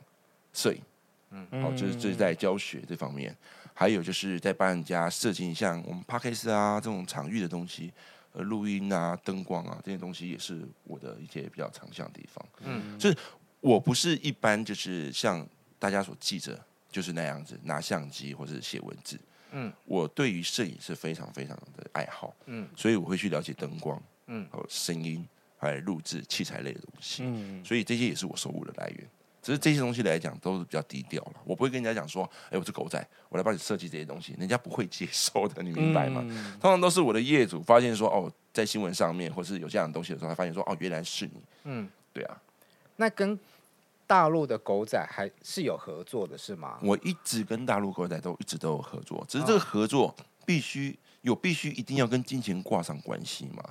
攝影，嗯，好、哦，就是、就是在教學這方面，還有就是在幫人家設計，像我們 Parks 啊這種場域的東西，錄音啊、燈光啊這些東西也是我的一些比較長項的地方，嗯，就是我不是一般，就是像大家所記者。就是那樣子，拿相機或是寫文字。嗯，我對於攝影是非常非常的愛好。嗯，所以我會去了解燈光，嗯，和聲音，還有錄制器材類的東西。嗯，所以這些也是我收入的來源。只是這些東西來講，都是比較低調了。我不會跟人家講說，哎、欸，我是狗仔，我來幫你設計這些東西，人家不會接受的，你明白嗎？嗯，通常都是我的業主發現說，哦，在新聞上面或是有這樣的東西的時候，他發現說，哦，原來是你。嗯，對啊。那跟大陸的狗仔還是有合作的，是嗎？我一直跟大陸狗仔都一直都有合作，只是這個合作必須有，必須一定要跟金錢掛上關係嘛。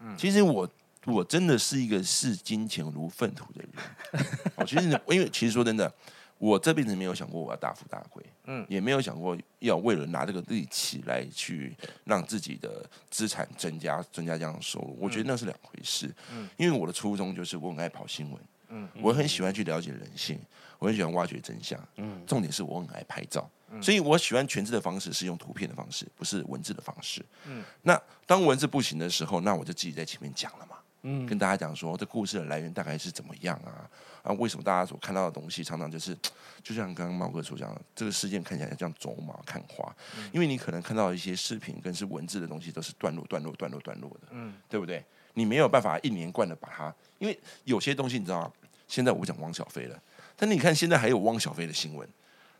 嗯，其實我我真的是一個視金錢如糞土的人。 (laughs) 其實因為其實說真的，我這輩子沒有想過我要大富大貴，嗯，也沒有想過要為了拿這個利器來去讓自己的資產增加、增加這樣的收入。我覺得那是兩回事。嗯，因為我的初衷就是我很愛跑新聞。嗯嗯、我很喜歡去了解人性，我很喜歡挖掘真相。嗯，重點是我很愛拍照，嗯、所以我喜歡詮釋的方式是用圖片的方式，不是文字的方式。嗯，那當文字不行的時候，那我就自己在前面講了嘛。嗯，跟大家講說這故事的來源大概是怎麼樣啊？啊，為什麼大家所看到的東西常常就是，就像剛剛帽哥所講的，這個事件看起來像走馬看花，嗯、因為你可能看到一些視頻，跟是文字的東西都是段落、段落、段落、段落的。嗯，對不對？你沒有辦法一連貫的把它，因為有些東西你知道。現在我不講汪小菲了，但你看現在還有汪小菲的新聞，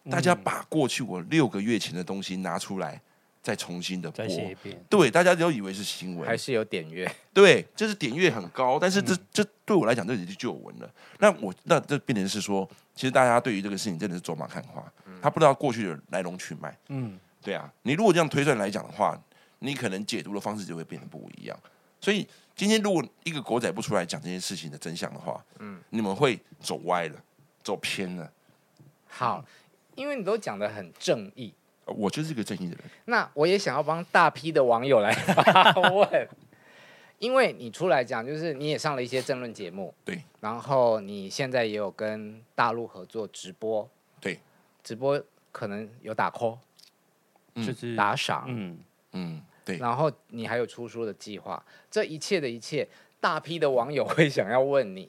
嗯、大家把過去我六個月前的東西拿出來，再重新的播一遍，對，大家都以為是新聞，還是有點閱，對，就是點閱很高，但是這、嗯、這對我來講，這已經是舊聞了。那我那這變成是說，其實大家對於這個事情真的是走馬看花，他不知道過去的來龍去脈，嗯，對啊。你如果這樣推算來講的話，你可能解讀的方式就會變得不一樣，所以。今天如果一個狗仔不出來講這件事情的真相的話，嗯，你們會走歪了，走偏了。好，因為你都講得很正義，我就是一個正義的人。那我也想要幫大批的網友來發問， (laughs) 因為你出來講，就是你也上了一些政論節目，對。然後你現在也有跟大陸合作直播，對，直播可能有打 call，就是、嗯、打賞賞、嗯，嗯嗯。對然後你還有出書的計劃，這一切的一切，大批的網友會想要問你，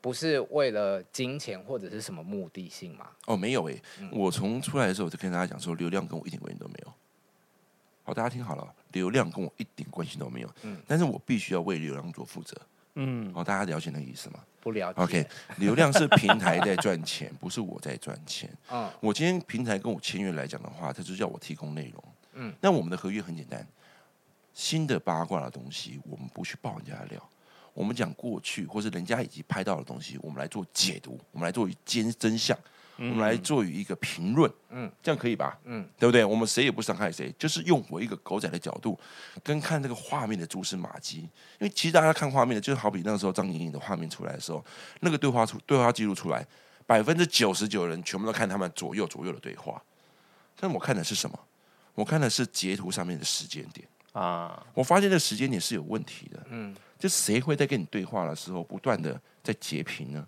不是為了金錢或者是什麼目的性嗎？哦，沒有誒，我從出來的時候我就跟大家講說，流量跟我一點關係都沒有。好，哦，大家聽好了，流量跟我一點關係都沒有。嗯，但是我必須要為流量做負責。嗯，好，哦，大家了解那個意思嗎？不了解。OK，流量是平台在賺錢， (laughs) 不是我在賺錢。嗯，我今天平台跟我簽約來講的話，他就叫我提供內容。嗯，那我們的合約很簡單。新的八卦的東西，我們不去爆人家的料，我們講過去或是人家已經拍到的東西，我們來做解讀，我們來做一揭真相，我們來做個一個評論，嗯,嗯，這樣可以吧？嗯，對不對？我們誰也不傷害誰，就是用我一個狗仔的角度，跟看這個畫面的蛛絲馬跡。因為其實大家看畫面的，就好比那個時候張穎穎的畫面出來的時候，那個對話出對話記錄出來，百分之九十九的人全部都看他們左右左右的對話，但我看的是什麼？我看的是截圖上面的時間點。啊！Uh, 我發現這時間點是有問題的。嗯，就誰會在跟你對話的時候不斷的在截屏呢？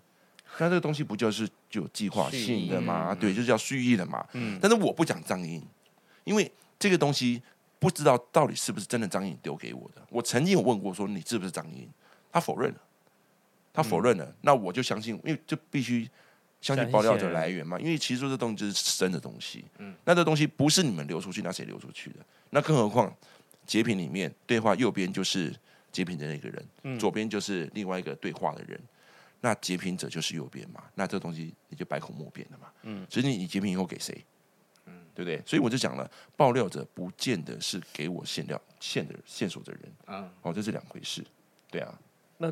那這個東西不就是就有計劃性的嘛？嗯、對，就是要蓄意的嘛。嗯，但是我不講張穎，因為這個東西不知道到底是不是真的張穎丟給我的。我曾經有問過說，你是不是張穎，他否認了，他否認了。嗯、那我就相信，因為就必須相信爆料的來源嘛。謝因為其實說這東西就是真的東西。嗯，那這東西不是你們流出去，那誰流出去的？那更何況。截屏裡面對話右邊就是截屏的那個人，嗯、左邊就是另外一個對話的人，那截屏者就是右邊嘛，那這東西也就百口莫辯了嘛。嗯，所以你截屏以後給誰？嗯，對不對？所以我就講了，爆料者不見得是給我線料線的線索的人。嗯、啊，哦，這是兩回事，對啊。那、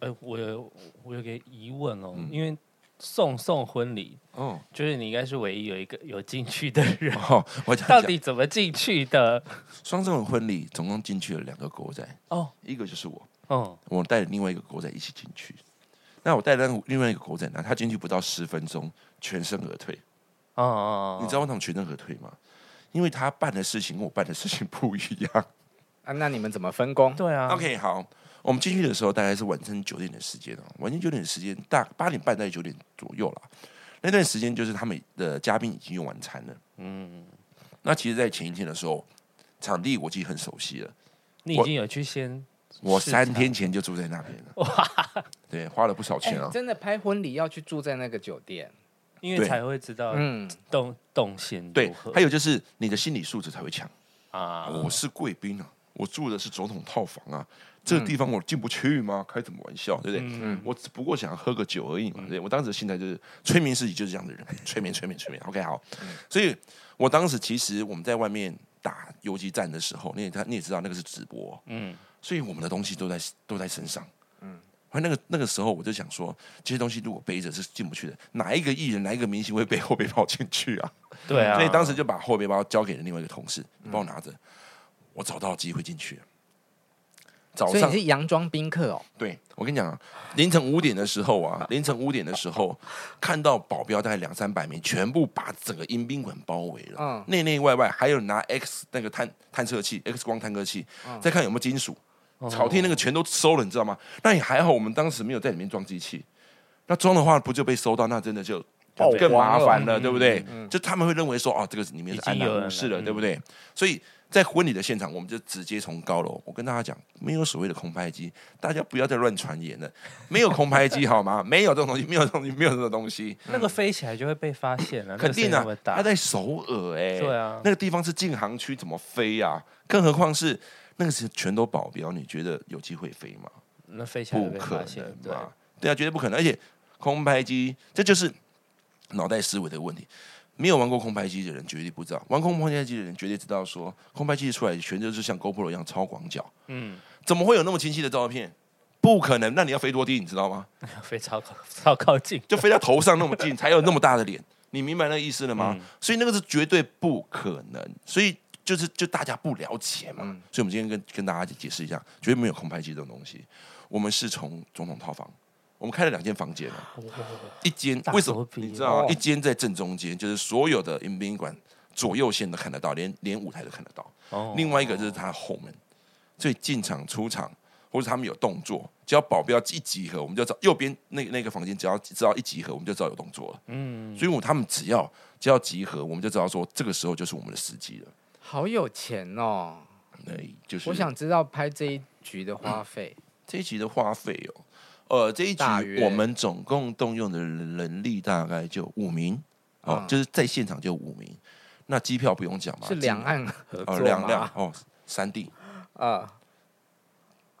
呃、我有我有個疑問哦，嗯、因為。雙宋婚禮哦，就是你應該是唯一有一個有進去的人。哦，我到底怎麼進去的？雙宋的婚禮總共進去了兩個狗仔哦，一個就是我，哦，我帶了另外一個狗仔一起進去。那我帶了另外一個狗仔呢？他進去不到十分鐘，全身而退。哦，哦哦，你知道我那種全身而退嗎？因為他辦的事情跟我辦的事情不一樣。啊，那你們怎麼分工？對啊，OK，好。我們進去的時候大概是晚上九點的時間、喔，晚上九點的時間大八點半到九點左右了。那段時間就是他們的嘉賓已經用晚餐了。嗯，那其實，在前一天的時候，場地我已經很熟悉了。你已經有去先我？我三天前就住在那邊了。哇，對，花了不少錢啊！欸、真的拍婚禮要去住在那個酒店，因為才會知道對，嗯，動動線。對，還有就是你的心理素質才會強啊！我是貴賓啊。我住的是總統套房啊，這個地方我進不去嗎？嗯、開什麼玩笑，對不對？嗯嗯、我只不過想喝個酒而已嘛，嗯、對我當時的心態就是，催眠師就是這樣的人，催眠、催眠、催眠。OK，好。嗯、所以，我當時其實我們在外面打游擊戰的時候，你也他你也知道，那個是直播。嗯。所以我們的東西都在都在身上。嗯。那個那個時候，我就想說，這些東西如果背着是進不去的，哪一個藝人，哪一個明星會背後背包進去啊？對啊。所以當時就把後背包交給了另外一個同事，你幫、嗯、我拿着，我找到機會進去，所以你是佯裝賓客哦？對，我跟你講，凌晨五點的時候啊，凌晨五點的時候，看到保鏢大概兩三百名，全部把整個迎賓館包圍了，內內外外還有拿 X 那個探探測器、X 光探測器，再看有沒有金屬，草地那個全都收了，你知道嗎？那也還好，我們當時沒有在裡面裝機器，那裝的話不就被搜到，那真的就更麻煩了，對不對？就他們會認為說，哦，這個裡面是安然無事了，對不對？所以。在婚禮的現場，我們就直接從高樓。我跟大家講，沒有所謂的空拍機，大家不要再亂傳言了。沒有空拍機，好嗎？ (laughs) 沒？沒有這種東西，沒有這種東西，沒有這種東西，那個飛起來就會被發現了，啊，肯定啊。他在首爾，欸，哎，對啊，那個地方是禁航區，怎麼飛啊？更何況是那個是全都保鏢，你覺得有機會飛嗎？那飛起來不可能啊。對，對啊，絕對不可能。而且空拍機，這就是腦袋思維的問題。沒有玩過空拍機的人絕對不知道，玩空拍機的人絕對知道說，說空拍機出來全都是像 GoPro 一樣超廣角，嗯、怎麼會有那麼清晰的照片？不可能！那你要飛多低，你知道嗎？要飛超超靠近，就飛到頭上那麼近， (laughs) 才有那麼大的臉。你明白那個意思了嗎？嗯、所以那個是絕對不可能。所以就是就大家不了解嘛。嗯、所以我們今天跟跟大家解釋一下，絕對沒有空拍機這種東西。我們是從總統套房，我們開了兩間房間，一間為什麼你知道？一間在正中間，就是所有的迎賓館左右線都看得到，連連舞台都看得到。另外一個就是他後門，所以進場、出場或者他們有動作，只要保鏢一集合，我們就知道右邊那個那個房間。只要只要一集合，我們就知道有動作了。嗯，所以我他們只要只要集合，我，我們就知道說這個時候就是我們的時機了。好有錢哦！對，就是我想知道拍這一局的花費，這一集的花費哦。呃，這一局我們總共動用的人力大概就五名，約哦，嗯、就是在現場就五名。那機票不用講嘛，是兩岸合作嘛？哦，兩岸、啊、哦，三地、啊、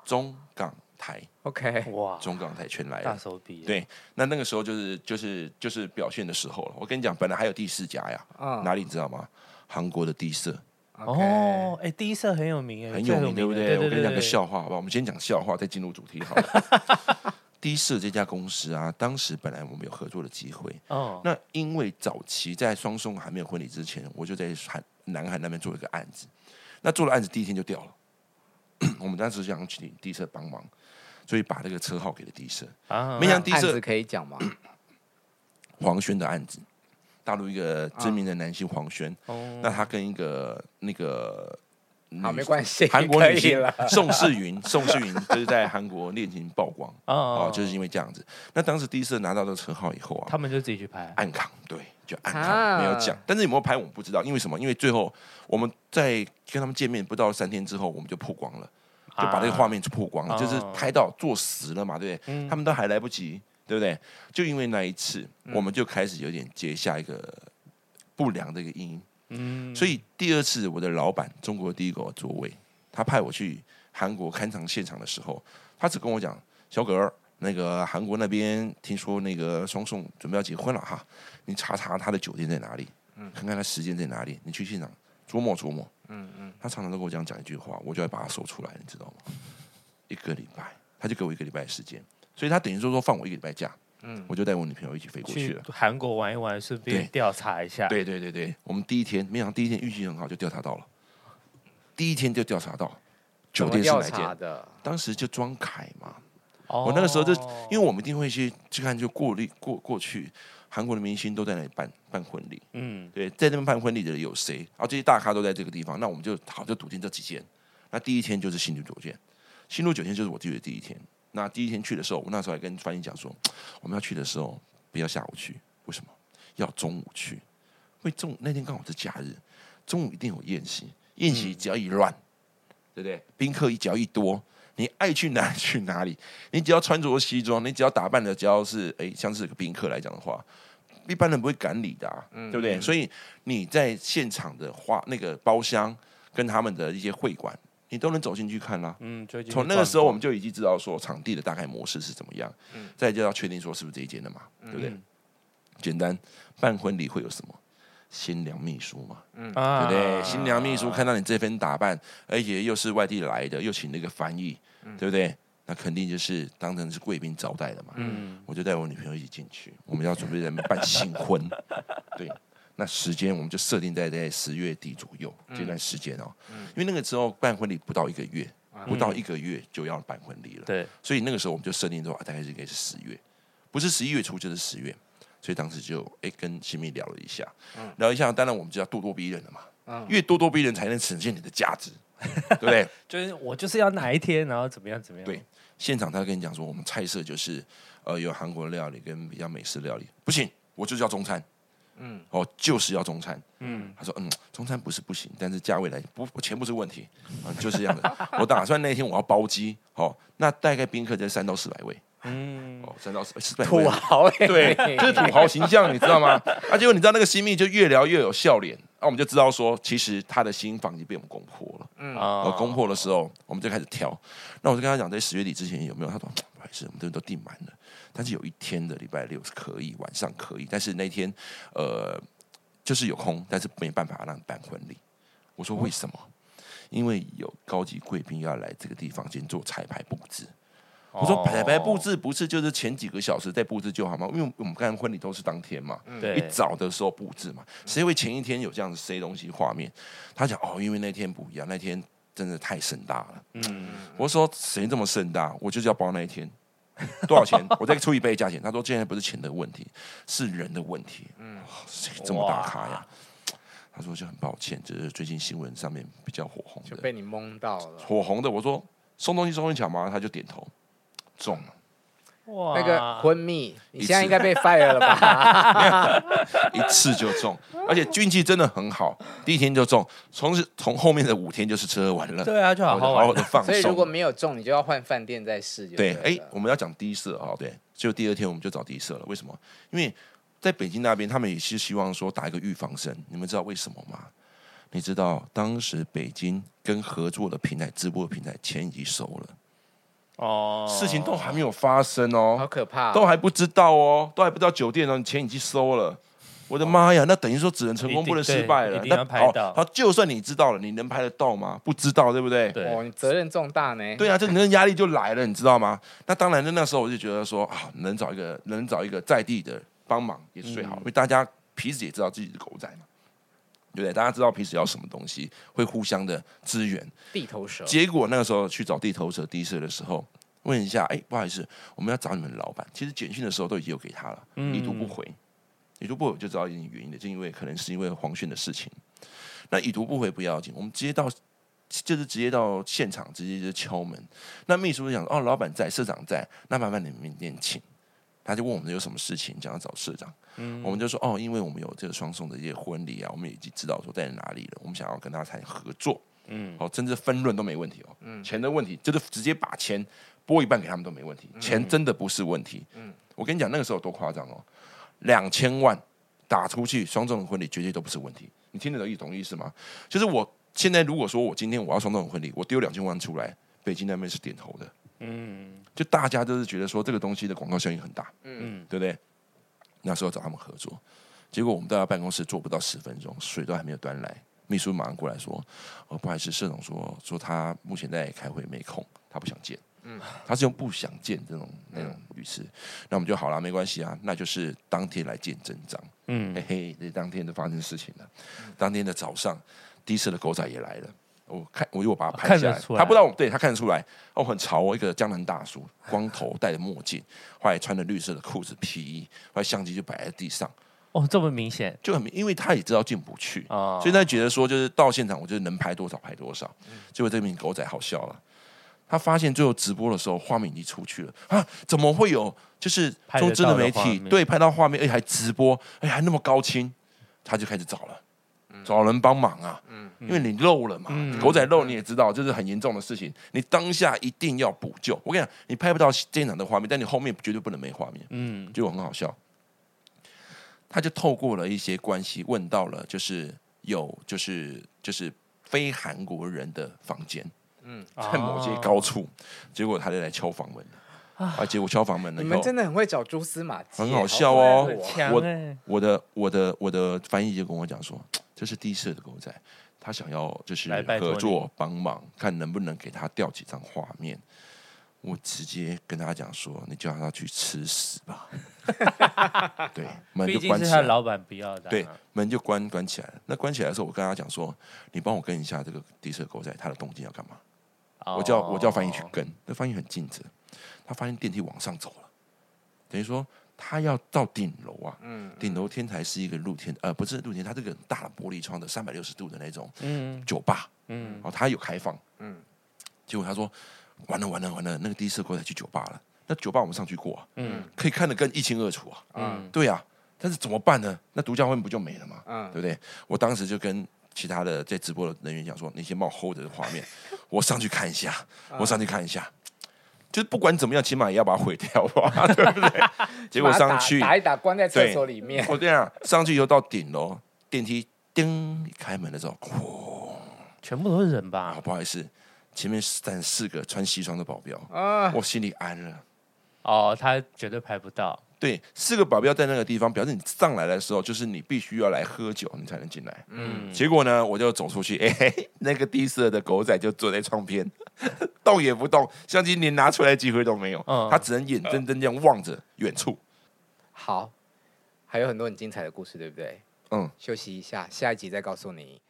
中港台。OK，哇，中港台全來了，大手筆了，對，那那個時候就是就是就是表現的時候了。我跟你講，本來還有第四家呀，嗯、哪裡你知道嗎？韓國的地陪。Okay, 哦，哎、欸，D 社很有名哎、欸，很有名,有名對不對？對對對對我跟你講個笑話好,不好？我們先講笑話再進入主題好了。D 社這家公司啊，當時本來我們有合作的機會，哦，那因為早期在雙宋還沒有婚禮之前，我就在南韓那邊做一個案子，那做了案子第一天就掉了。 (coughs) 我們當時想請 D 社幫忙，所以把這個車號給了 D 社啊，啊沒想 D 社可以講嗎？黃軒的案子。大陸一個知名的男星黃軒，那他跟一個那個好沒關係，韓國女星宋世雲，宋世雲就是在韓國戀情曝光哦，就是因為這樣子。那當時第一次拿到這個車號以後啊，他們就自己去拍暗扛，對，就暗扛沒有講，但是有沒有拍我不知道，因為什麼？因為最後我們在跟他們見面不到三天之後，我們就曝光了，就把這個畫面就曝光了，就是拍到坐實了嘛，對不對？他們都還來不及。對不對？就因為那一次，我們就開始有點接下一個不良的一個因。嗯，所以第二次，我的老闆中國第一狗仔卓偉，他派我去韓國勘察現場的時候，他只跟我講：“小葛，那個韓國那邊聽說那個雙宋準備要結婚了哈，你查查他的酒店在哪裡，嗯，看看他時間在哪裡，你去現場琢磨琢磨。嗯”嗯嗯，他常常都跟我講，講一句話，我就要把它說出來，你知道嗎？一個禮拜，他就給我一個禮拜的時間。所以他等於說說放我一個禮拜假，嗯，我就帶我女朋友一起飛過去了，韓國玩一玩，順便調查一下。對對對對，我們第一天，沒想到第一天運氣很好，就調查到了。第一天就調查到酒店是哪間的，當時就裝凱嘛。哦，我那個時候就，因為我們一定會去去看，就，看就過濾過過去韓國的明星都在那裡辦辦婚禮。嗯，對，在那邊辦婚禮的有誰？然、啊、後這些大咖都在這個地方，那我們就好就賭進這幾間。那第一天就是新羅酒店，新羅酒店就是我住的第一天。那第一天去的時候，我那時候還跟翻譯講說，我們要去的時候不要下午去，為什麼要中午去？因為中午那天剛好是假日，中午一定有宴席，宴席只要一亂、嗯，對不對？賓客一只要一多，你愛去哪去哪裡，你只要穿着西裝，你只要打扮的只要是哎，像是個賓客來講的話，一般人不會敢理的、啊，嗯嗯、對不對？所以你在現場的話，那個包廂跟他們的一些會館。你都能走進去看啦。嗯，從那個時候我們就已經知道說，場地的大概模式是怎麼樣。再就要確定說是不是這一間的嘛，對不對？簡單辦婚禮會有什麼？新娘秘書嘛，嗯，對不對？新娘秘書看到你這份打扮，而且又是外地來的，又請那個翻譯，對不對？那肯定就是當成是貴賓招待的嘛。嗯，我就帶我女朋友一起進去，我們要準備在辦新婚，對。那時間我們就設定在在十月底左右這、嗯、段時間哦，嗯、因為那個時候辦婚禮不到一個月，嗯、不到一個月就要辦婚禮了，對，所以那個時候我們就設定說啊，大概是應該是十月，不是十一月初就是十月，所以當時就哎、欸、跟新秘聊了一下，嗯、聊一下，當然我們就要咄咄逼人了嘛，嗯，越咄咄逼人才能呈現你的價值，嗯、對不對？ (laughs) 就是我就是要哪一天，然後怎麼樣怎麼樣，對，現場他跟你講說我們菜色就是呃有韓國料理跟比較美式料理，不行，我就叫中餐。嗯，哦，就是要中餐。嗯，他說，嗯，中餐不是不行，但是價位來不錢不是問題。嗯，就是這樣的。我打算那天我要包機，哦，那大概賓客在三到四百位。嗯，哦，三到四四百位，土豪，對，這是土豪形象，你知道嗎？啊，結果你知道那個新秘就越聊越有笑臉，啊，我們就知道說，其實他的心防已經被我們攻破了。嗯啊，攻破的時候，我們就開始挑。那我就跟他講，在十月底之前有沒有？他說，不好意思，我們這邊都訂滿了。但是有一天的禮拜六是可以，晚上可以，但是那天，呃，就是有空，但是沒辦法讓你辦婚禮。我說為什麼？哦、因為有高級貴賓要來這個地方先做彩排布置。我說彩、哦、排、排布置不是就是前幾個小時在布置就好嗎？因為我們辦婚禮都是當天嘛，嗯、一早的時候布置嘛，誰會前一天有這樣子塞東西畫面？他講哦，因為那天不一樣，那天真的太盛大了。嗯，我說誰這麼盛大？我就是要包那一天。 (laughs) 多少錢？我再出一倍價錢。他說：“現在不是錢的問題，是人的問題。”嗯，oh, see, 這麼大咖呀！哇他說：“就很抱歉，就是最近新聞上面比較火紅的，就被你蒙到了火紅的。”我說：“送東西送東西搶嗎？”他就點頭中了。哇那個昏迷，你現在應該被 fire 了吧？一次, (laughs) 一次就中，而且運氣真的很好，第一天就中，從從後面的五天就是吃喝玩樂。對啊，就好好,就好好的放鬆。所以如果沒有中，你就要換飯店再試就對。對，哎，我們要講低設啊，對，就第二天我們就找低設了。為什麼？因為在北京那邊，他們也是希望說打一個預防針。你們知道為什麼嗎？你知道當時北京跟合作的平台、直播的平台錢已經收了。哦，事情都還沒有發生哦，好可怕，都還不知道哦，都還不知道酒店呢，你錢已經收了，我的媽呀，那等於說只能成功不能失敗了。一定要拍到，好，就算你知道了，你能拍得到嗎？不知道，對不對？對。哦，你責任重大呢。對啊，就你那壓力就來了，你知道嗎？那當然，那那時候我就覺得說啊，能找一個能找一個在地的幫忙也是最好，因為大家彼此也知道自己是狗仔嘛。對，大家知道平時要什麼東西，會互相的支援，地頭蛇。結果那個時候去找地頭蛇、地頭蛇的時候，問一下，哎，不好意思，我們要找你們老板。其實簡訊的時候都已經有給他了，嗯，已讀不回，已讀不回就知道一點原因的，就因為可能是因為黃迅的事情。那已讀不回不要緊，我們直接到，就是直接到現場，直接就敲門。那秘書講，哦，老板在，社長在，那麻煩你們面請。他就問我們有什麼事情，想要找社長？嗯，我們就說，哦，因為我們有這個雙宋的一些婚禮啊，我們已經知道說在哪裡了。我們想要跟他談合作，嗯，好，哦，甚至分潤都沒問題哦。嗯，錢的問題就是直接把錢撥一半給他們都沒問題，錢真的不是問題。嗯，我跟你講那個時候多誇張哦，兩千萬打出去，雙宋的婚禮絕對都不是問題。你聽得懂一種意思嗎？就是我現在如果說我今天我要雙宋的婚禮，我丟兩千萬出來，北京那邊是點頭的。嗯。就大家都是覺得說，這個東西的廣告效應很大，嗯，對不對？那時候找他們合作，結果我們到他辦公室坐不到十分鐘，水都還沒有端來，秘書馬上過來說：“哦，不好意思，社長說說他目前在開會沒空，他不想見。”嗯，他是用不想見這種那種語氣，嗯、那我們就好了，沒關係啊，那就是當天來見真章。嗯，嘿嘿，這當天就發生事情了。當天的早上，第一次的狗仔也來了。我看，我就我把他拍下來，哦、來他不知道，對，他看得出來。哦，很潮哦，一個江南大叔，光頭，戴着墨鏡，後來穿着綠色的褲子、皮衣，後來相機就擺在地上。哦，這麼明顯，就很明，因為他也知道進不去、哦、所以他覺得說，就是到現場，我覺得能拍多少拍多少。結果、嗯、這名狗仔好笑了，他發現最後直播的時候，畫面已經出去了啊！怎麼會有就是中資的媒體拍的對拍到畫面，而且還直播，哎還那麼高清，他就開始找了。找人幫忙啊，嗯，因為你漏了嘛，狗仔漏你也知道，這是很嚴重的事情。你當下一定要補救。我跟你講，你拍不到現場的畫面，但你後面絕對不能沒畫面。嗯，結果很好笑，他就透過了一些關係問到了，就是有，就是就是非韓國人的房間，嗯，在某些高處，結果他就來敲房門啊！結果敲房門，你們真的很會找蛛絲馬跡，很好笑哦。我我的我的我的翻譯就跟我講說。這是低色的狗仔，他想要就是合作幫忙，看能不能給他調幾張畫面。我直接跟他講說：“你叫他去吃屎吧。” (laughs) 對，門就關起來。 (laughs) 老闆、啊、對，門就關關起來了。那關起來的時候，我跟他講說：“你幫我跟一下這個低色狗仔，他的動靜要幹嘛、oh.？” 我叫我叫翻譯去跟，那翻譯很盡職，他發現電梯往上走了，等於說。他要到頂樓啊，頂樓、嗯嗯、天台是一個露天，呃，不是露天，它這個大的玻璃窗的三百六十度的那種嗯，酒吧，嗯，嗯哦，他有開放，嗯，嗯結果他說，完了完了完了，那個第一次過來去酒吧了，那酒吧我們上去過、啊，嗯，可以看得更一清二楚啊，嗯，對啊，但是怎麼辦呢？那獨家婚不就沒了嗎？嗯，對不對？我當時就跟其他的在直播的人員講說，那些冒 hold 的畫面， (laughs) 我上去看一下，嗯、我上去看一下。就不管怎麼樣，起碼也要把它毀掉吧，對不對？ (laughs) 打結果上去打一打，關在廁所裡面。我這樣上去以後到頂樓，電梯叮開門的時候，嚯，全部都是人吧？啊，不好意思，前面三四個穿西裝的保鏢啊，呃、我心裡安了。哦，他絕對拍不到。對，四個保鏢在那個地方，表示你上來的時候，就是你必須要來喝酒，你才能進來。嗯，結果呢，我就走出去，哎，那個低斯的狗仔就坐在窗邊，動也不動，相機連拿出來的機會都沒有，嗯，他只能眼睜睜這樣望着遠處。好，還有很多很精彩的故事，對不對？嗯，休息一下，下一集再告訴你。